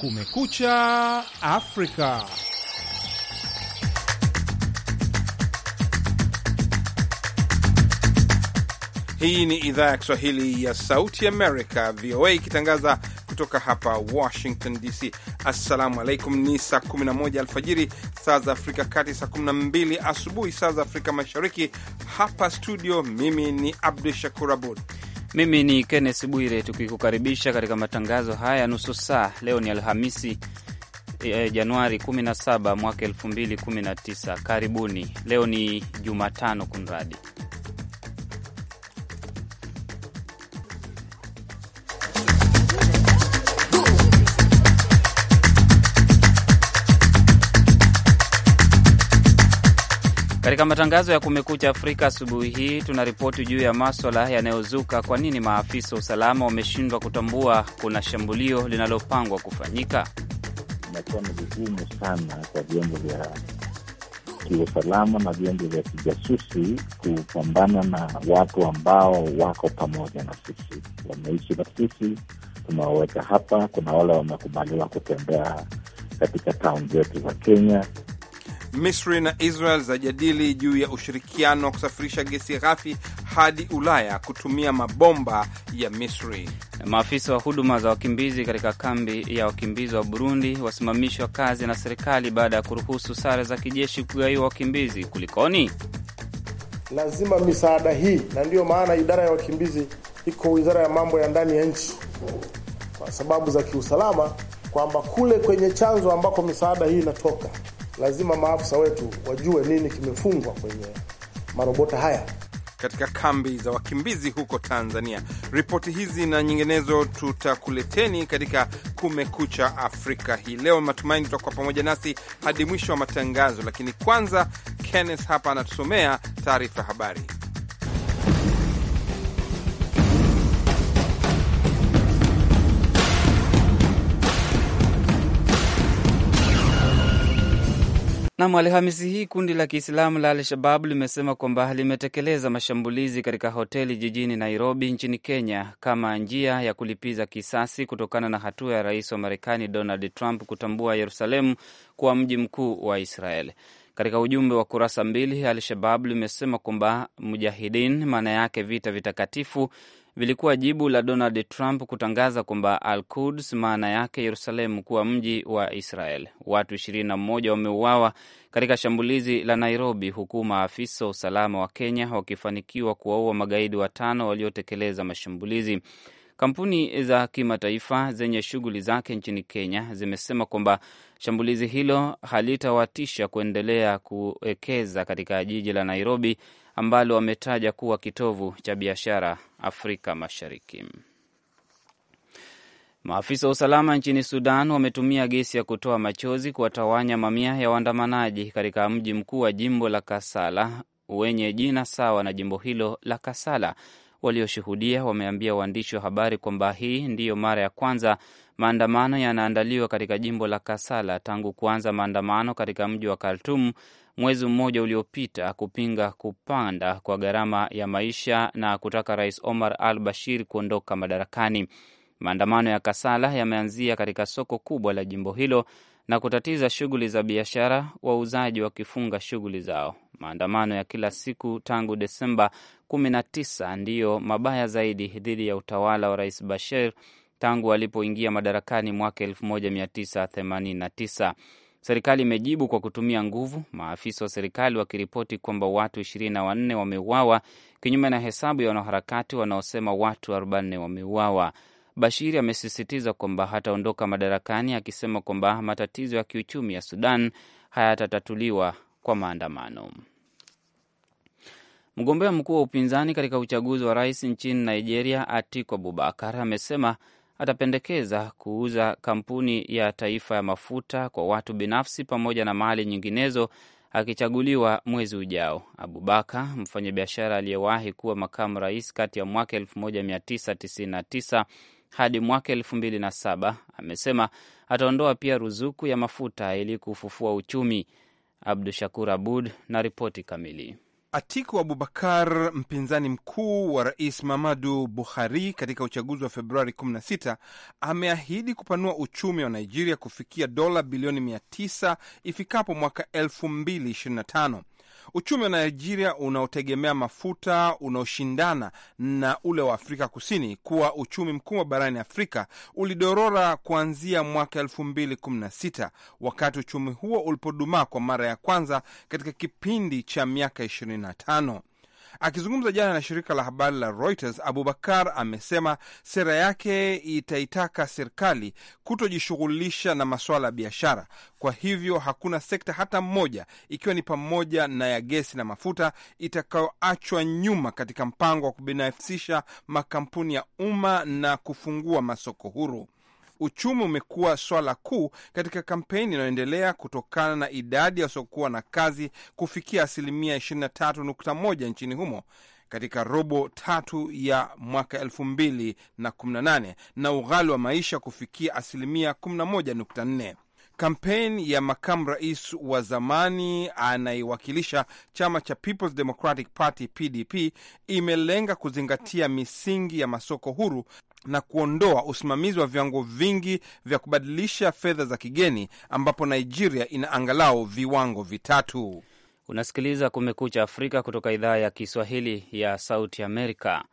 Kumekucha Afrika. Hii ni idhaa ya Kiswahili ya Sauti Amerika, VOA, ikitangaza kutoka hapa Washington DC. Assalamu alaikum, ni saa 11 alfajiri saa za Afrika Kati, saa 12 asubuhi saa za Afrika Mashariki. Hapa studio, mimi ni Abdu Shakur Abud mimi ni kennes Bwire, tukikukaribisha katika matangazo haya ya nusu saa. Leo ni Alhamisi e, Januari 17 mwaka 2019. Karibuni. Leo ni Jumatano kunradi Katika matangazo ya Kumekucha Afrika asubuhi hii tuna ripoti juu ya maswala yanayozuka. Kwa nini maafisa wa usalama wameshindwa kutambua kuna shambulio linalopangwa kufanyika? Inakuwa ni vigumu sana kwa vyombo vya kiusalama na vyombo vya kijasusi kupambana na watu ambao wako pamoja na sisi, wameishi na sisi, tumewaweka hapa. Kuna wale wamekubaliwa kutembea katika tauni zetu za Kenya. Misri na Israel zajadili juu ya ushirikiano wa kusafirisha gesi ghafi hadi Ulaya kutumia mabomba ya Misri. Maafisa wa huduma za wakimbizi katika kambi ya wakimbizi wa Burundi wasimamishwa kazi na serikali baada ya kuruhusu sare za kijeshi kugaiwa wakimbizi. Kulikoni? Lazima misaada hii, na ndiyo maana idara ya wakimbizi iko wizara ya mambo ya ndani ya nchi kwa sababu za kiusalama, kwamba kule kwenye chanzo ambako misaada hii inatoka lazima maafisa wetu wajue nini kimefungwa kwenye marobota haya katika kambi za wakimbizi huko Tanzania. Ripoti hizi na nyinginezo tutakuleteni katika Kumekucha Afrika hii leo. Matumaini tutakuwa pamoja nasi hadi mwisho wa matangazo, lakini kwanza, Kenneth hapa anatusomea taarifa habari. Nam, Alhamisi hii kundi la Kiislamu la Al-Shabab limesema kwamba limetekeleza mashambulizi katika hoteli jijini Nairobi nchini Kenya kama njia ya kulipiza kisasi kutokana na hatua ya rais wa Marekani Donald Trump kutambua Yerusalemu kuwa mji mkuu wa Israel. Katika ujumbe wa kurasa mbili, Al-Shabab limesema kwamba mujahidin, maana yake vita vitakatifu, vilikuwa jibu la Donald Trump kutangaza kwamba Al Quds, maana yake Yerusalemu, kuwa mji wa Israel. Watu 21 wameuawa katika shambulizi la Nairobi, huku maafisa wa usalama wa Kenya wakifanikiwa kuwaua magaidi watano waliotekeleza mashambulizi. Kampuni za kimataifa zenye shughuli zake nchini Kenya zimesema kwamba shambulizi hilo halitawatisha kuendelea kuwekeza katika jiji la Nairobi ambalo wametaja kuwa kitovu cha biashara Afrika Mashariki. Maafisa wa usalama nchini Sudan wametumia gesi ya kutoa machozi kuwatawanya mamia ya waandamanaji katika mji mkuu wa jimbo la Kasala wenye jina sawa na jimbo hilo la Kasala. Walioshuhudia wameambia waandishi wa habari kwamba hii ndiyo mara ya kwanza maandamano yanaandaliwa katika jimbo la Kasala tangu kuanza maandamano katika mji wa Khartoum mwezi mmoja uliopita kupinga kupanda kwa gharama ya maisha na kutaka Rais Omar al Bashir kuondoka madarakani. Maandamano ya Kasala yameanzia katika soko kubwa la jimbo hilo na kutatiza shughuli za biashara, wauzaji wakifunga shughuli zao. Maandamano ya kila siku tangu Desemba 19 ndiyo mabaya zaidi dhidi ya utawala wa Rais Bashir tangu alipoingia madarakani mwaka 1989. Serikali imejibu kwa kutumia nguvu, maafisa wa serikali wakiripoti kwamba watu ishirini na wanne wameuawa kinyume na hesabu ya wanaharakati wanaosema watu 4 wameuawa. Bashiri amesisitiza kwamba hataondoka madarakani, akisema kwamba matatizo ya kiuchumi ya Sudan hayatatatuliwa kwa maandamano. Mgombea mkuu wa upinzani katika uchaguzi wa rais nchini Nigeria, Atiku Abubakar amesema atapendekeza kuuza kampuni ya taifa ya mafuta kwa watu binafsi pamoja na mali nyinginezo akichaguliwa mwezi ujao. Abubakar, mfanyabiashara aliyewahi kuwa makamu rais kati ya mwaka 1999 hadi mwaka 2007, amesema ataondoa pia ruzuku ya mafuta ili kufufua uchumi. Abdu Shakur Abud na ripoti kamili. Atiku Abubakar, mpinzani mkuu wa rais Mamadu Buhari katika uchaguzi wa Februari 16, ameahidi kupanua uchumi wa Nigeria kufikia dola bilioni 900 ifikapo mwaka Uchumi wa Nigeria unaotegemea mafuta unaoshindana na ule wa Afrika Kusini kuwa uchumi mkubwa barani Afrika ulidorora kuanzia mwaka 2016 wakati uchumi huo ulipodumaa kwa mara ya kwanza katika kipindi cha miaka 25. Akizungumza jana na shirika la habari la Reuters, Abubakar amesema sera yake itaitaka serikali kutojishughulisha na masuala ya biashara. Kwa hivyo hakuna sekta hata mmoja, ikiwa ni pamoja na ya gesi na mafuta, itakayoachwa nyuma katika mpango wa kubinafsisha makampuni ya umma na kufungua masoko huru uchumi umekuwa swala kuu katika kampeni inayoendelea kutokana na idadi ya wasiokuwa na kazi kufikia asilimia 23.1 nchini humo katika robo tatu ya mwaka 2018 na, na ughali wa maisha kufikia asilimia 11.4. Kampeni ya makamu rais wa zamani anayewakilisha chama cha Peoples Democratic Party PDP imelenga kuzingatia misingi ya masoko huru na kuondoa usimamizi wa viwango vingi vya kubadilisha fedha za kigeni ambapo Nigeria ina angalau viwango vitatu. Unasikiliza Kumekucha Afrika kutoka idhaa ya Kiswahili ya Sauti Amerika.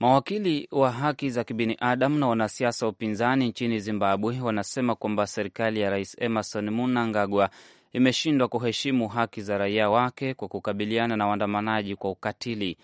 Mawakili wa haki za kibinadamu na wanasiasa wa upinzani nchini Zimbabwe wanasema kwamba serikali ya Rais Emerson Mnangagwa imeshindwa kuheshimu haki za raia wake kwa kukabiliana na waandamanaji kwa ukatili.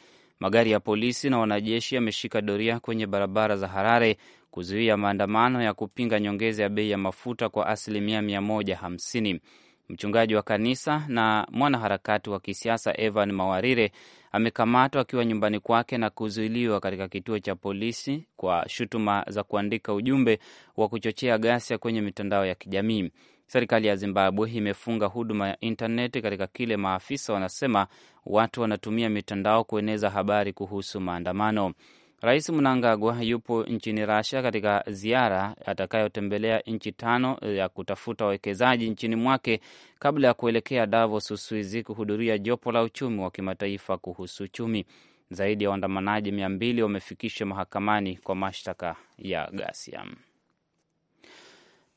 Magari ya polisi na wanajeshi yameshika doria kwenye barabara za Harare kuzuia maandamano ya kupinga nyongeza ya bei ya mafuta kwa asilimia 150. Mchungaji wa kanisa na mwanaharakati wa kisiasa Evan Mawarire amekamatwa akiwa nyumbani kwake na kuzuiliwa katika kituo cha polisi kwa shutuma za kuandika ujumbe wa kuchochea ghasia kwenye mitandao ya kijamii. Serikali ya Zimbabwe imefunga huduma ya intaneti katika kile maafisa wanasema watu wanatumia mitandao kueneza habari kuhusu maandamano. Rais Mnangagwa yupo nchini rasia katika ziara atakayotembelea nchi tano ya kutafuta wawekezaji nchini mwake kabla ya kuelekea Davos, Uswizi, kuhudhuria jopo la uchumi wa kimataifa kuhusu uchumi. Zaidi ya waandamanaji mia mbili wamefikishwa mahakamani kwa mashtaka ya ghasia.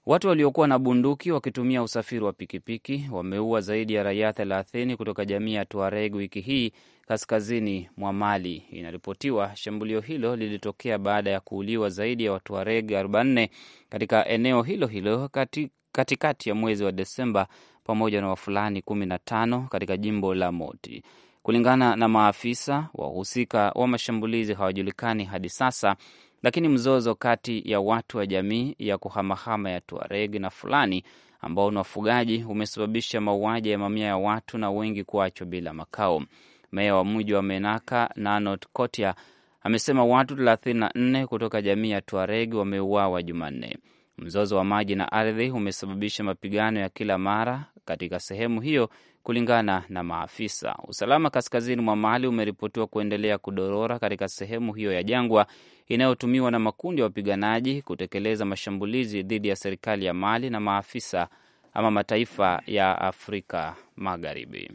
Watu waliokuwa na bunduki wakitumia usafiri wa pikipiki wameua zaidi ya raia 30 kutoka jamii ya Tuareg wiki hii kaskazini mwa Mali. Inaripotiwa shambulio hilo lilitokea baada ya kuuliwa zaidi ya Watuareg 4 katika eneo hilo hilo katikati kati ya mwezi wa Desemba, pamoja na Wafulani 15 katika jimbo la Moti. Kulingana na maafisa, wahusika wa mashambulizi hawajulikani hadi sasa, lakini mzozo kati ya watu wa jamii ya kuhamahama ya Tuareg na Fulani ambao ni wafugaji umesababisha mauaji ya mamia ya watu na wengi kuachwa bila makao. Meya wa mji wa Menaka Nanot Kotia amesema watu 34 kutoka jamii ya Tuareg wameuawa Jumanne. Mzozo wa maji na ardhi umesababisha mapigano ya kila mara katika sehemu hiyo, kulingana na maafisa. Usalama kaskazini mwa Mali umeripotiwa kuendelea kudorora katika sehemu hiyo ya jangwa inayotumiwa na makundi ya wapiganaji kutekeleza mashambulizi dhidi ya serikali ya Mali na maafisa ama mataifa ya Afrika Magharibi.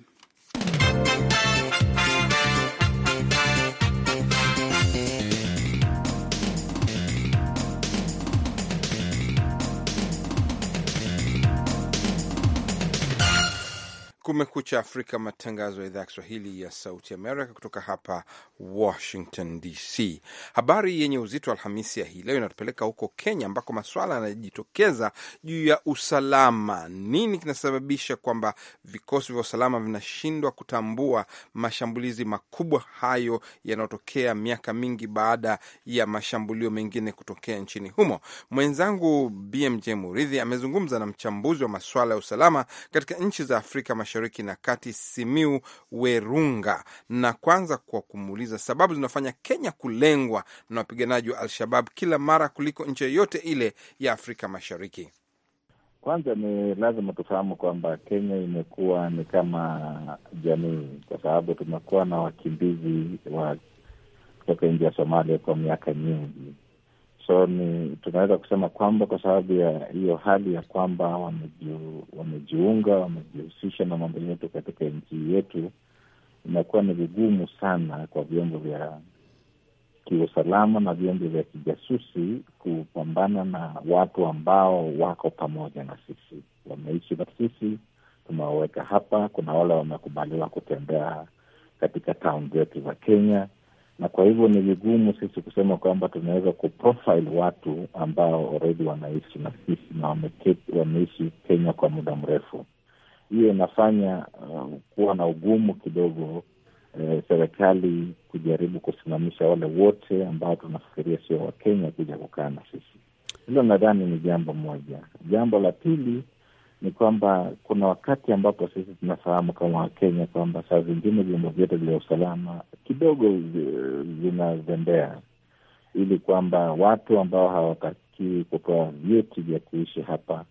Kumekucha Afrika, matangazo ya idhaa ya Kiswahili ya Sauti Amerika kutoka hapa Washington DC. Habari yenye uzito wa Alhamisi ya hii leo inatupeleka huko Kenya, ambako maswala yanajitokeza juu ya usalama. Nini kinasababisha kwamba vikosi vya usalama vinashindwa kutambua mashambulizi makubwa hayo yanayotokea miaka mingi baada ya mashambulio mengine kutokea nchini humo? Mwenzangu BMJ Muridhi amezungumza na mchambuzi wa maswala ya usalama katika nchi za Afrika Mashariki na Kati Simiu Werunga, na kwanza kwa kumuuliza sababu zinafanya Kenya kulengwa na wapiganaji wa Al-Shabab kila mara kuliko nchi yoyote ile ya Afrika Mashariki. Kwanza ni lazima tufahamu kwamba Kenya imekuwa ni kama jamii, kwa sababu tumekuwa na wakimbizi wa kutoka nje ya Somalia kwa miaka nyingi So ni tunaweza kusema kwamba kwa sababu ya hiyo hali ya kwamba wamejiunga wamejihusisha na mambo yetu katika nchi yetu, inakuwa ni vigumu sana kwa vyombo vya kiusalama na vyombo vya kijasusi kupambana na watu ambao wako pamoja na sisi, wameishi na sisi, tumewaweka hapa. Kuna wale wamekubaliwa kutembea katika town zetu za Kenya na kwa hivyo ni vigumu sisi kusema kwamba tunaweza kuprofile watu ambao already wanaishi na sisi na wameishi Kenya kwa muda mrefu. Hiyo inafanya uh, kuwa na ugumu kidogo uh, serikali kujaribu kusimamisha wale wote ambao tunafikiria sio Wakenya kuja kukaa na sisi. Hilo nadhani ni jambo moja. Jambo la pili ni kwamba kuna wakati ambapo sisi tunafahamu kama Wakenya kwamba saa zingine vyombo vyetu vya usalama kidogo vinazembea, ili kwamba watu ambao hawatakii kupewa vyeti vya kuishi hapa,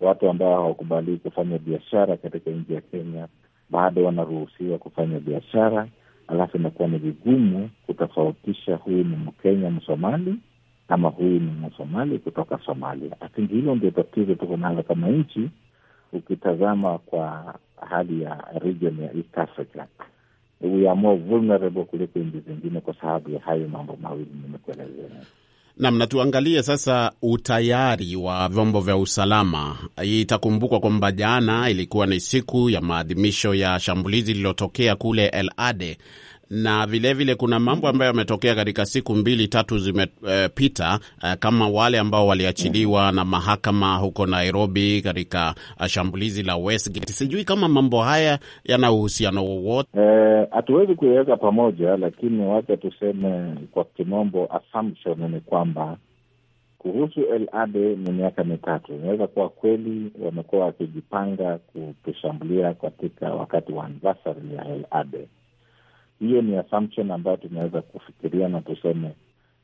watu ambao hawakubalii kufanya biashara katika nchi ya Kenya bado wanaruhusiwa kufanya biashara. Alafu inakuwa ni vigumu kutofautisha huyu ni Mkenya Msomali ama huyu ni Msomali kutoka Somalia. I hilo ndio tatizo tuko nalo kama nchi ukitazama kwa hali ya region ya East Africa, we are more vulnerable kuliko nchi zingine kwa sababu ya hayo mambo mawili nimekuelezea. Nam, na tuangalie sasa utayari wa vyombo vya usalama. Itakumbukwa kwamba jana ilikuwa ni siku ya maadhimisho ya shambulizi lililotokea kule El Ade na vilevile vile kuna mambo ambayo yametokea katika siku mbili tatu zimepita, uh, kama wale ambao waliachiliwa na mahakama huko Nairobi katika eh, shambulizi la Westgate. Sijui kama mambo haya yana uhusiano wowote. Eh, hatuwezi uh, kuiweka pamoja, lakini wacha tuseme kwa kimombo, assumption ni kwamba kuhusu LAD ni miaka mitatu, inaweza kuwa kweli wamekuwa wakijipanga kutushambulia katika wakati wa anniversary ya LAD hiyo ni assumption ambayo tunaweza kufikiria na tuseme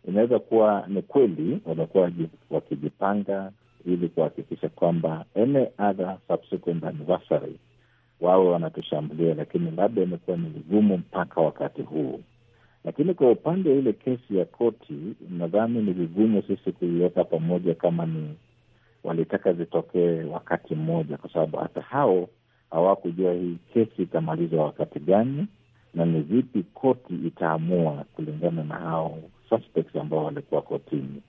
inaweza kuwa ni kweli, wamekuwa wakijipanga ili kuhakikisha kwamba any other subsequent anniversary wawe wanatushambulia, lakini labda imekuwa ni vigumu mpaka wakati huu. Lakini kwa upande wa ile kesi ya koti, nadhani ni vigumu sisi kuiweka pamoja kama ni walitaka zitokee wakati mmoja, kwa sababu hata hao hawakujua hii kesi itamalizwa wakati gani na ni vipi koti itaamua kulingana na hao suspects ambao walikuwa kotini.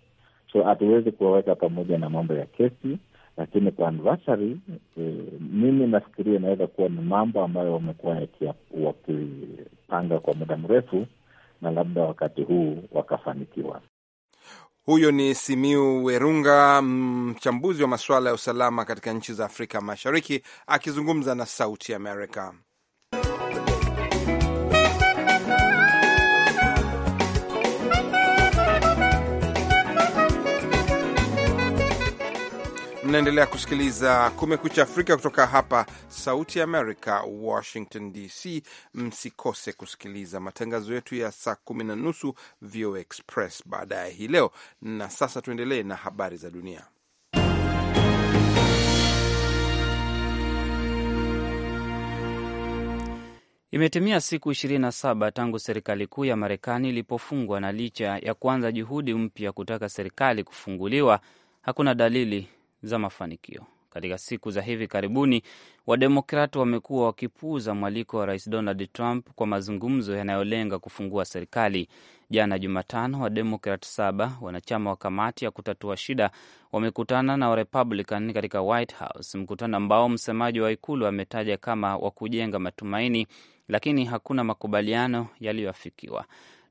So hatuwezi kuwaweka pamoja na mambo ya kesi, lakini kwa anniversary e, mimi nafikiria inaweza kuwa ni mambo ambayo wamekuwa wakipanga kwa muda mrefu na labda wakati huu wakafanikiwa. Huyo ni Simiu Werunga, mchambuzi wa masuala ya usalama katika nchi za Afrika Mashariki, akizungumza na Sauti Amerika. Mnaendelea kusikiliza Kumekucha Afrika kutoka hapa Sauti Amerika, Washington DC. Msikose kusikiliza matangazo yetu ya saa kumi na nusu VOA Express baadaye hii leo. Na sasa tuendelee na habari za dunia. Imetimia siku 27 tangu serikali kuu ya Marekani ilipofungwa na licha ya kuanza juhudi mpya kutaka serikali kufunguliwa, hakuna dalili za mafanikio. Katika siku za hivi karibuni, wademokrat wamekuwa wakipuuza mwaliko wa rais Donald Trump kwa mazungumzo yanayolenga kufungua serikali. Jana Jumatano, Wademokrat saba wanachama wa kamati ya kutatua shida wamekutana na Warepublican katika White House, mkutano ambao msemaji wa ikulu ametaja kama wa kujenga matumaini, lakini hakuna makubaliano yaliyoafikiwa.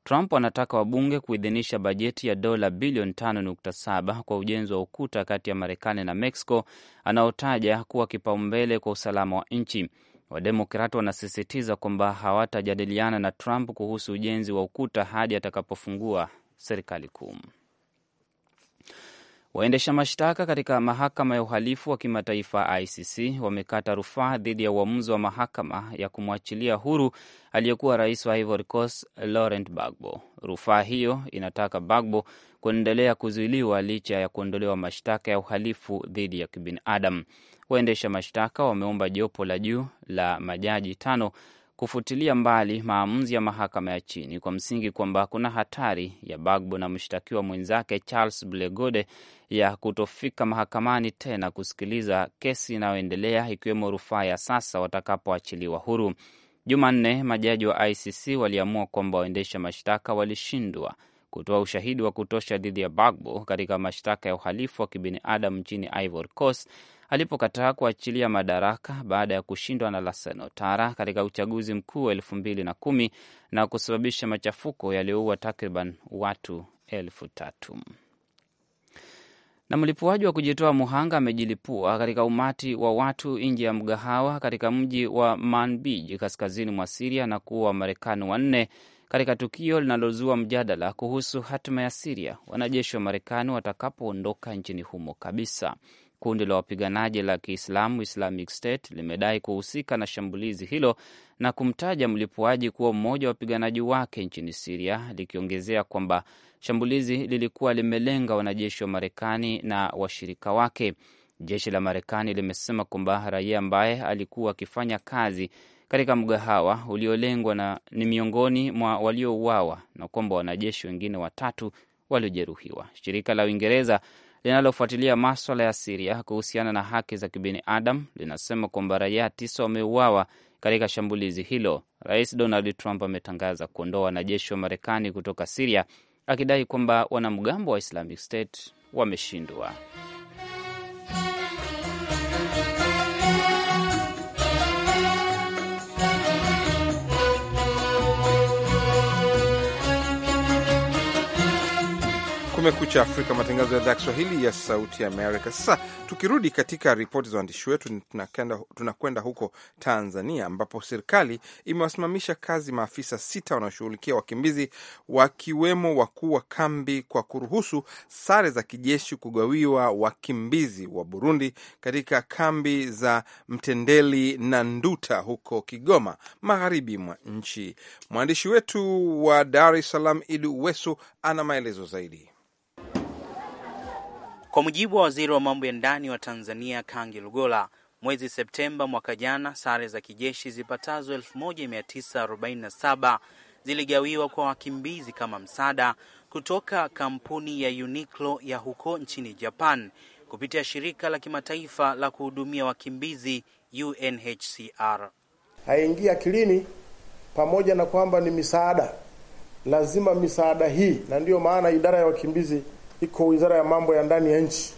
Trump anataka wabunge kuidhinisha bajeti ya dola bilioni 5.7 kwa ujenzi wa ukuta kati ya Marekani na Mexico anaotaja kuwa kipaumbele kwa usalama wa nchi. wademokrat wanasisitiza kwamba hawatajadiliana na Trump kuhusu ujenzi wa ukuta hadi atakapofungua serikali kuu. Waendesha mashtaka katika mahakama ya uhalifu wa kimataifa ICC wamekata rufaa dhidi ya uamuzi wa mahakama ya kumwachilia huru aliyekuwa rais wa Ivory Coast Laurent Bagbo. Rufaa hiyo inataka bagbo kuendelea kuzuiliwa licha ya kuondolewa mashtaka ya uhalifu dhidi ya kibinadamu. Waendesha mashtaka wameomba jopo la juu la majaji tano kufutilia mbali maamuzi ya mahakama ya chini kwa msingi kwamba kuna hatari ya Bagbo na mshtakiwa mwenzake Charles Blegode ya kutofika mahakamani tena kusikiliza kesi inayoendelea ikiwemo rufaa ya sasa watakapoachiliwa huru. Jumanne, majaji wa ICC waliamua kwamba waendesha mashtaka walishindwa kutoa ushahidi wa kutosha dhidi ya Bagbo katika mashtaka ya uhalifu wa kibinadamu nchini Ivory Coast alipokataa kuachilia madaraka baada ya kushindwa na Lassen Ouattara katika uchaguzi mkuu wa elfu mbili na kumi na kusababisha machafuko yaliyoua takriban watu elfu tatu. Na mlipuaji wa kujitoa muhanga amejilipua katika umati wa watu nje ya mgahawa katika mji wa Manbij kaskazini mwa Siria na kuua Wamarekani wanne katika tukio linalozua mjadala kuhusu hatima ya Siria wanajeshi wa Marekani watakapoondoka nchini humo kabisa. Kundi la wapiganaji la Kiislamu Islamic State limedai kuhusika na shambulizi hilo na kumtaja mlipuaji kuwa mmoja wa wapiganaji wake nchini Siria, likiongezea kwamba shambulizi lilikuwa limelenga wanajeshi wa Marekani na washirika wake. Jeshi la Marekani limesema kwamba raia ambaye alikuwa akifanya kazi katika mgahawa uliolengwa na ni miongoni mwa waliouawa na kwamba wanajeshi wengine watatu waliojeruhiwa. Shirika la Uingereza linalofuatilia maswala ya Siria kuhusiana na haki za kibinadamu linasema kwamba raia tisa wameuawa katika shambulizi hilo. Rais Donald Trump ametangaza kuondoa wanajeshi wa Marekani kutoka Siria akidai kwamba wanamgambo wa Islamic State wameshindwa. Kumekucha Afrika, matangazo ya idhaa ya Kiswahili ya Sauti Amerika. Sasa tukirudi katika ripoti za waandishi wetu, tunakwenda huko Tanzania ambapo serikali imewasimamisha kazi maafisa sita wanaoshughulikia wakimbizi wakiwemo wakuu wa kambi kwa kuruhusu sare za kijeshi kugawiwa wakimbizi wa Burundi katika kambi za Mtendeli na Nduta huko Kigoma, magharibi mwa nchi. Mwandishi wetu wa Dar es Salaam Idu Wesu ana maelezo zaidi. Kwa mujibu wa waziri wa mambo ya ndani wa Tanzania Kangi Lugola, mwezi Septemba mwaka jana, sare za kijeshi zipatazo 1947 ziligawiwa kwa wakimbizi kama msaada kutoka kampuni ya Uniqlo ya huko nchini Japan kupitia shirika la kimataifa la kuhudumia wakimbizi UNHCR. Haingia akilini, pamoja na kwamba ni misaada, lazima misaada hii, na ndiyo maana idara ya wakimbizi iko wizara ya mambo ya ndani ya nchi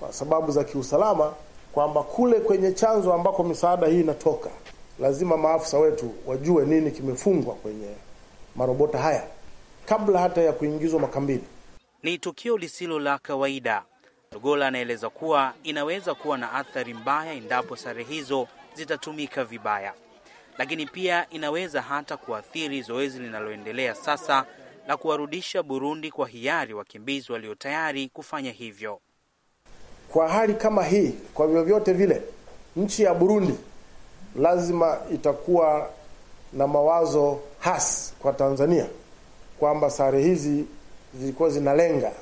kwa sababu za kiusalama, kwamba kule kwenye chanzo ambako misaada hii inatoka lazima maafisa wetu wajue nini kimefungwa kwenye marobota haya kabla hata ya kuingizwa makambini. Ni tukio lisilo la kawaida. Lugola anaeleza kuwa inaweza kuwa na athari mbaya endapo sare hizo zitatumika vibaya, lakini pia inaweza hata kuathiri zoezi linaloendelea sasa na kuwarudisha Burundi kwa hiari wakimbizi walio tayari kufanya hivyo. Kwa hali kama hii, kwa vyovyote vile, nchi ya Burundi lazima itakuwa na mawazo hasi kwa Tanzania kwamba sare hizi zilikuwa zinalenga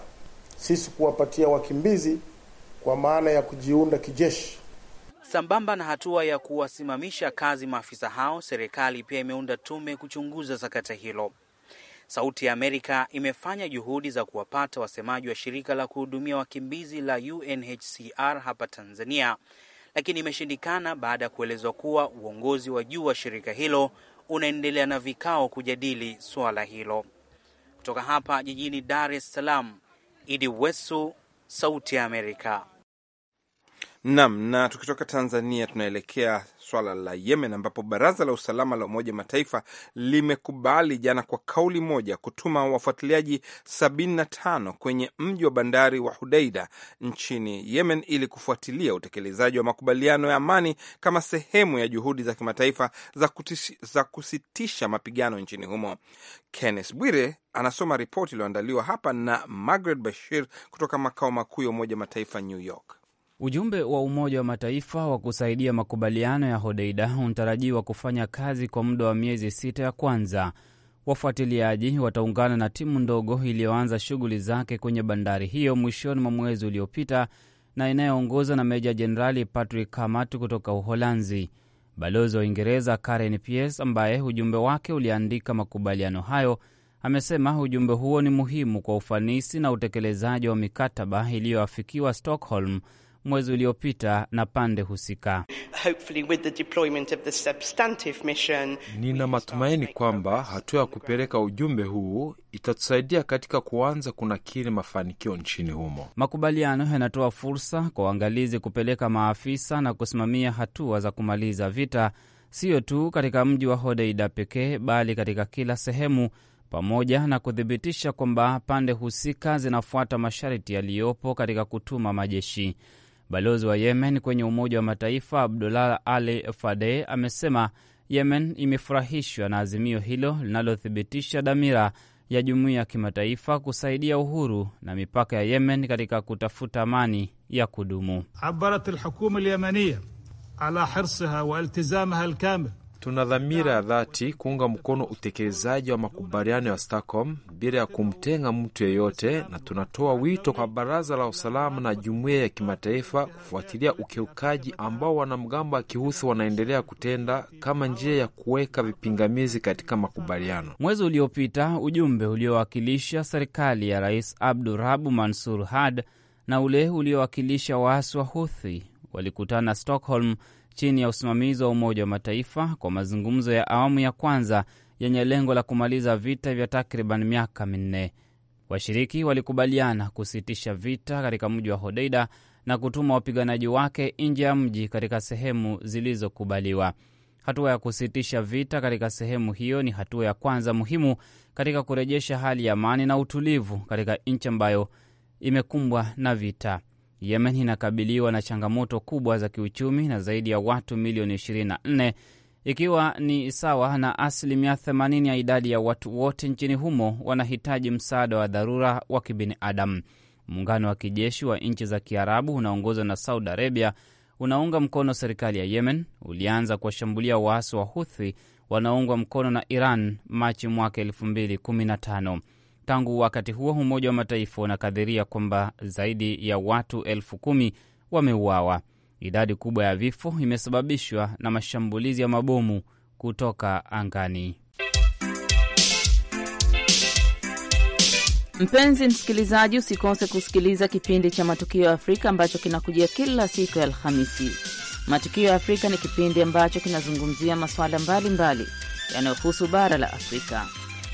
sisi kuwapatia wakimbizi kwa maana ya kujiunda kijeshi. Sambamba na hatua ya kuwasimamisha kazi maafisa hao, serikali pia imeunda tume kuchunguza sakata hilo. Sauti ya Amerika imefanya juhudi za kuwapata wasemaji wa shirika la kuhudumia wakimbizi la UNHCR hapa Tanzania, lakini imeshindikana baada ya kuelezwa kuwa uongozi wa juu wa shirika hilo unaendelea na vikao kujadili suala hilo. Kutoka hapa jijini Dar es Salaam, Idi Wesu, Sauti ya Amerika. Nam na tukitoka Tanzania tunaelekea swala la Yemen, ambapo baraza la usalama la Umoja Mataifa limekubali jana kwa kauli moja kutuma wafuatiliaji 75 kwenye mji wa bandari wa Hudaida nchini Yemen ili kufuatilia utekelezaji wa makubaliano ya amani kama sehemu ya juhudi za kimataifa za, za kusitisha mapigano nchini humo. Kenneth Bwire anasoma ripoti iliyoandaliwa hapa na Margaret Bashir kutoka makao makuu ya Umoja Mataifa, New York. Ujumbe wa Umoja wa Mataifa wa kusaidia makubaliano ya Hodeida unatarajiwa kufanya kazi kwa muda wa miezi sita ya kwanza. Wafuatiliaji wataungana na timu ndogo iliyoanza shughuli zake kwenye bandari hiyo mwishoni mwa mwezi uliopita na inayoongozwa na Meja Jenerali Patrick Kamat kutoka Uholanzi. Balozi wa Uingereza Karen pies ambaye ujumbe wake uliandika makubaliano hayo, amesema ujumbe huo ni muhimu kwa ufanisi na utekelezaji wa mikataba iliyoafikiwa Stockholm mwezi uliopita na pande husika. Nina matumaini kwamba hatua ya kupeleka ujumbe huu itatusaidia katika kuanza kunakili mafanikio nchini humo. Makubaliano yanatoa fursa kwa uangalizi kupeleka maafisa na kusimamia hatua za kumaliza vita, siyo tu katika mji wa Hodeida pekee, bali katika kila sehemu pamoja na kuthibitisha kwamba pande husika zinafuata masharti yaliyopo katika kutuma majeshi. Balozi wa Yemen kwenye Umoja wa Mataifa Abdullah Ali fade amesema Yemen imefurahishwa na azimio hilo linalothibitisha dhamira ya jumuiya ya kimataifa kusaidia uhuru na mipaka ya Yemen katika kutafuta amani ya kudumu. abarat alhukuma alyamaniya ala hirsiha wa iltizamaha Tuna dhamira ya dhati kuunga mkono utekelezaji wa makubaliano ya Stockholm bila ya kumtenga mtu yeyote, na tunatoa wito kwa Baraza la Usalama na jumuiya ya kimataifa kufuatilia ukiukaji ambao wanamgambo wa Kihuthi wanaendelea kutenda kama njia ya kuweka vipingamizi katika makubaliano. Mwezi uliopita, ujumbe uliowakilisha serikali ya Rais Abdurabu Mansur Had na ule uliowakilisha waasi wa Huthi walikutana Stockholm chini ya usimamizi wa Umoja wa Mataifa kwa mazungumzo ya awamu ya kwanza yenye lengo la kumaliza vita vya takriban miaka minne. Washiriki walikubaliana kusitisha vita katika mji wa Hodeida na kutuma wapiganaji wake nje ya mji katika sehemu zilizokubaliwa. Hatua ya kusitisha vita katika sehemu hiyo ni hatua ya kwanza muhimu katika kurejesha hali ya amani na utulivu katika nchi ambayo imekumbwa na vita. Yemen inakabiliwa na changamoto kubwa za kiuchumi na zaidi ya watu milioni 24 ikiwa ni sawa na asilimia 80 ya idadi ya watu wote nchini humo wanahitaji msaada wa dharura wa kibinadamu. Muungano wa kijeshi wa nchi za Kiarabu unaongozwa na Saudi Arabia unaunga mkono serikali ya Yemen ulianza kuwashambulia waasi wa Huthi wanaoungwa mkono na Iran Machi mwaka 2015. Tangu wakati huo, Umoja wa Mataifa unakadhiria kwamba zaidi ya watu elfu kumi wameuawa. Idadi kubwa ya vifo imesababishwa na mashambulizi ya mabomu kutoka angani. Mpenzi msikilizaji, usikose kusikiliza kipindi cha Matukio ya Afrika ambacho kinakujia kila siku ya Alhamisi. Matukio ya Afrika ni kipindi ambacho kinazungumzia masuala mbalimbali yanayohusu bara la Afrika.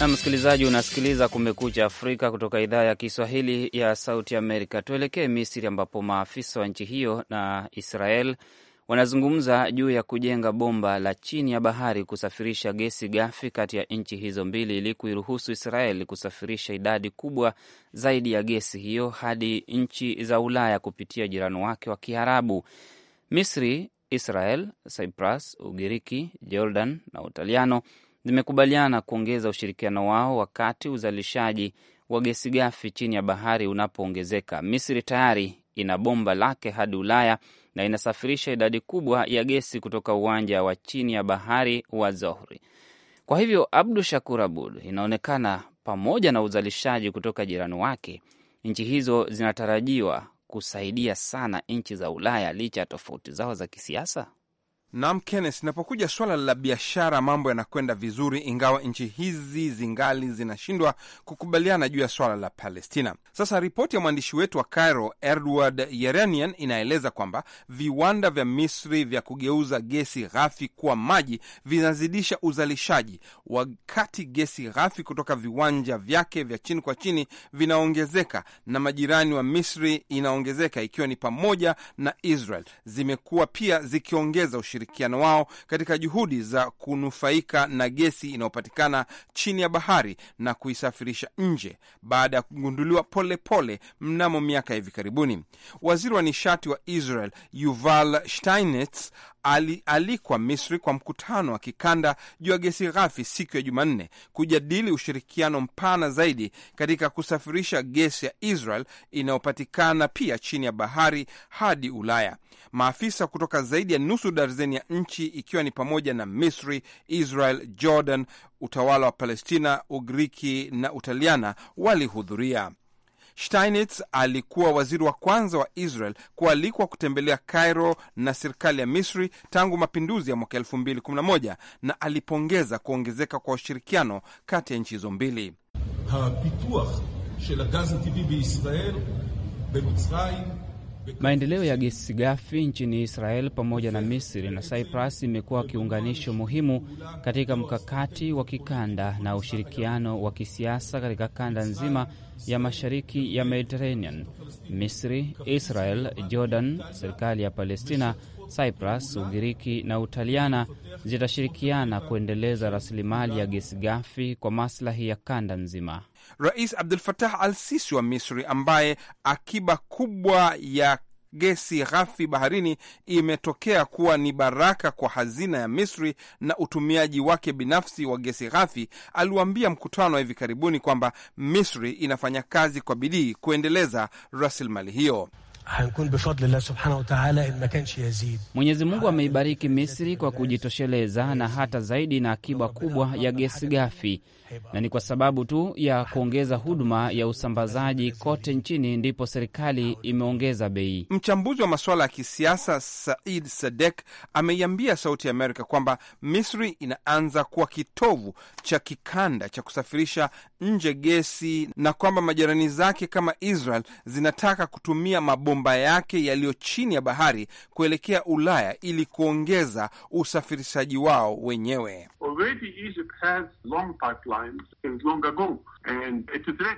na msikilizaji, unasikiliza Kumekucha Afrika kutoka idhaa ya Kiswahili ya Sauti Amerika. Tuelekee Misri ambapo maafisa wa nchi hiyo na Israel wanazungumza juu ya kujenga bomba la chini ya bahari kusafirisha gesi gafi kati ya nchi hizo mbili ili kuiruhusu Israel kusafirisha idadi kubwa zaidi ya gesi hiyo hadi nchi za Ulaya kupitia jirani wake wa Kiarabu. Misri, Israel, Cyprus, Ugiriki, Jordan na Utaliano zimekubaliana kuongeza ushirikiano wao wakati uzalishaji wa gesi ghafi chini ya bahari unapoongezeka. Misri tayari ina bomba lake hadi Ulaya na inasafirisha idadi kubwa ya gesi kutoka uwanja wa chini ya bahari wa Zohri. Kwa hivyo, Abdu Shakur Abud, inaonekana pamoja na uzalishaji kutoka jirani wake, nchi hizo zinatarajiwa kusaidia sana nchi za Ulaya licha ya tofauti zao za kisiasa. Naam, Kennes, inapokuja swala la biashara, mambo yanakwenda vizuri, ingawa nchi hizi zingali zinashindwa kukubaliana juu ya swala la Palestina. Sasa ripoti ya mwandishi wetu wa Cairo Edward Yeranian inaeleza kwamba viwanda vya Misri vya kugeuza gesi ghafi kuwa maji vinazidisha uzalishaji, wakati gesi ghafi kutoka viwanja vyake vya chini kwa chini vinaongezeka, na majirani wa Misri inaongezeka, ikiwa ni pamoja na Israel, zimekuwa pia zikiongeza ushiriki ushirikiano wao katika juhudi za kunufaika na gesi inayopatikana chini ya bahari na kuisafirisha nje baada ya kugunduliwa polepole mnamo miaka ya hivi karibuni. Waziri wa nishati wa Israel Yuval Steinitz alialikwa Misri kwa mkutano wa kikanda juu ya gesi ghafi siku ya Jumanne kujadili ushirikiano mpana zaidi katika kusafirisha gesi ya Israel inayopatikana pia chini ya bahari hadi Ulaya. Maafisa kutoka zaidi ya nusu darzeni ya nchi ikiwa ni pamoja na Misri, Israel, Jordan, utawala wa Palestina, Ugiriki na Utaliana walihudhuria. Steinitz alikuwa waziri wa kwanza wa Israel kualikwa kutembelea Cairo na serikali ya Misri tangu mapinduzi ya mwaka 2011 na alipongeza kuongezeka kwa ushirikiano kati ya nchi hizo mbili. Maendeleo ya gesi ghafi nchini Israel pamoja na Misri na Cyprus imekuwa kiunganisho muhimu katika mkakati wa kikanda na ushirikiano wa kisiasa katika kanda nzima ya mashariki ya Mediterranean. Misri, Israel, Jordan, serikali ya Palestina, Cyprus, Ugiriki na Utaliana zitashirikiana kuendeleza rasilimali ya gesi ghafi kwa maslahi ya kanda nzima. Rais Abdul Fatah Al Sisi wa Misri, ambaye akiba kubwa ya gesi ghafi baharini imetokea kuwa ni baraka kwa hazina ya Misri na utumiaji wake binafsi wa gesi ghafi, aliwaambia mkutano wa hivi karibuni kwamba Misri inafanya kazi kwa bidii kuendeleza rasilimali hiyo. Mwenyezi Mungu ameibariki Misri kwa kujitosheleza na hata zaidi na akiba kubwa ya gesi ghafi na ni kwa sababu tu ya kuongeza huduma ya usambazaji kote nchini ndipo serikali imeongeza bei. Mchambuzi wa masuala ya kisiasa Said Sadek ameiambia Sauti ya Amerika kwamba Misri inaanza kuwa kitovu cha kikanda cha kusafirisha nje gesi na kwamba majirani zake kama Israel zinataka kutumia mabomba yake yaliyo chini ya bahari kuelekea Ulaya ili kuongeza usafirishaji wao wenyewe.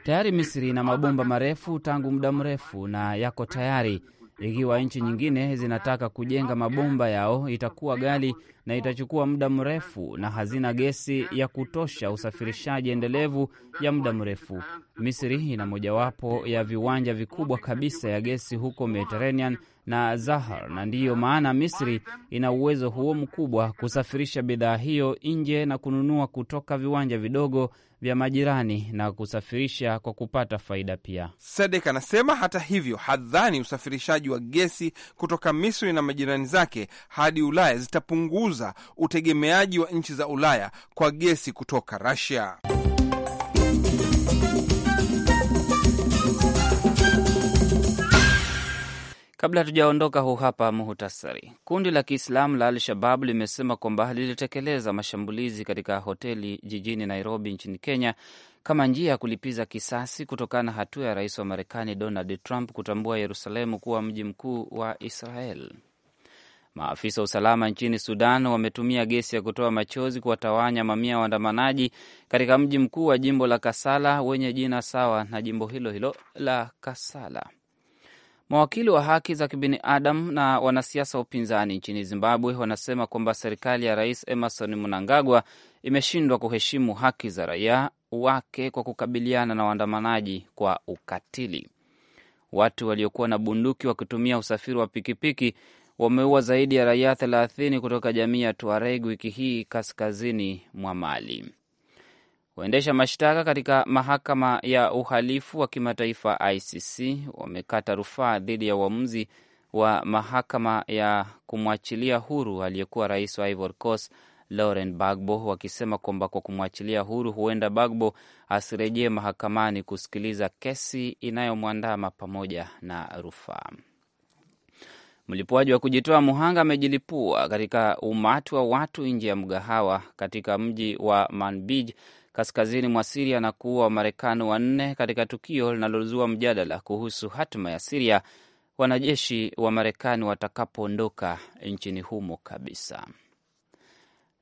Tayari Misri ina mabomba marefu tangu muda mrefu na yako tayari. Ikiwa nchi nyingine zinataka kujenga mabomba yao, itakuwa ghali na itachukua muda mrefu, na hazina gesi ya kutosha, usafirishaji endelevu ya muda mrefu. Misri ina mojawapo ya viwanja vikubwa kabisa ya gesi huko Mediterranean na Zahar, na ndiyo maana Misri ina uwezo huo mkubwa kusafirisha bidhaa hiyo nje na kununua kutoka viwanja vidogo vya majirani na kusafirisha kwa kupata faida pia. Sadek anasema hata hivyo, hadhani usafirishaji wa gesi kutoka Misri na majirani zake hadi Ulaya zitapunguza utegemeaji wa nchi za Ulaya kwa gesi kutoka rasia Kabla hatujaondoka, hu hapa muhutasari. Kundi la Kiislamu la Al Shabab limesema kwamba lilitekeleza mashambulizi katika hoteli jijini Nairobi nchini Kenya kama njia ya kulipiza kisasi kutokana na hatua ya rais wa Marekani Donald Trump kutambua Yerusalemu kuwa mji mkuu wa Israel. Maafisa wa usalama nchini Sudan wametumia gesi ya kutoa machozi kuwatawanya mamia waandamanaji katika mji mkuu wa jimbo la Kasala wenye jina sawa na jimbo hilo hilo la Kasala. Mawakili wa haki za kibinadamu na wanasiasa wa upinzani nchini Zimbabwe wanasema kwamba serikali ya Rais Emerson Mnangagwa imeshindwa kuheshimu haki za raia wake kwa kukabiliana na waandamanaji kwa ukatili. Watu waliokuwa na bunduki wakitumia usafiri wa pikipiki wameua zaidi ya raia 30 kutoka jamii ya Tuareg wiki hii kaskazini mwa Mali. Waendesha mashtaka katika mahakama ya uhalifu wa kimataifa ICC wamekata rufaa dhidi ya uamuzi wa mahakama ya kumwachilia huru aliyekuwa rais wa Ivory Coast Laurent wakisema kwamba kwa kumwachilia huru huenda bagbo asirejee mahakamani kusikiliza kesi inayomwandama pamoja na rufaa. Mlipuaji wa kujitoa muhanga amejilipua katika umati wa watu nje ya mgahawa katika mji wa Manbij kaskazini mwa Siria na kuua Wamarekani wanne katika tukio linalozua mjadala kuhusu hatima ya Siria wanajeshi wa Marekani watakapoondoka nchini humo kabisa.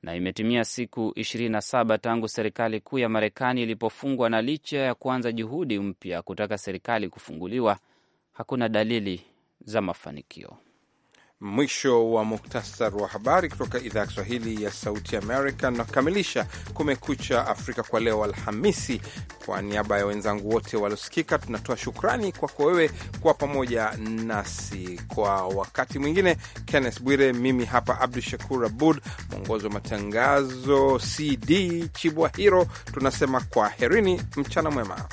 Na imetimia siku 27 tangu serikali kuu ya Marekani ilipofungwa, na licha ya kuanza juhudi mpya kutaka serikali kufunguliwa, hakuna dalili za mafanikio. Mwisho wa muktasar wa habari kutoka idhaa ya Kiswahili ya Sauti Amerika. Nakamilisha Kumekucha Afrika kwa leo Alhamisi. Kwa niaba ya wenzangu wote waliosikika, tunatoa shukrani kwako wewe kwa pamoja nasi kwa wakati mwingine. Kenneth Bwire, mimi hapa Abdu Shakur Abud, mwongozi wa matangazo CD Chibwa Hiro, tunasema kwa herini mchana mwema.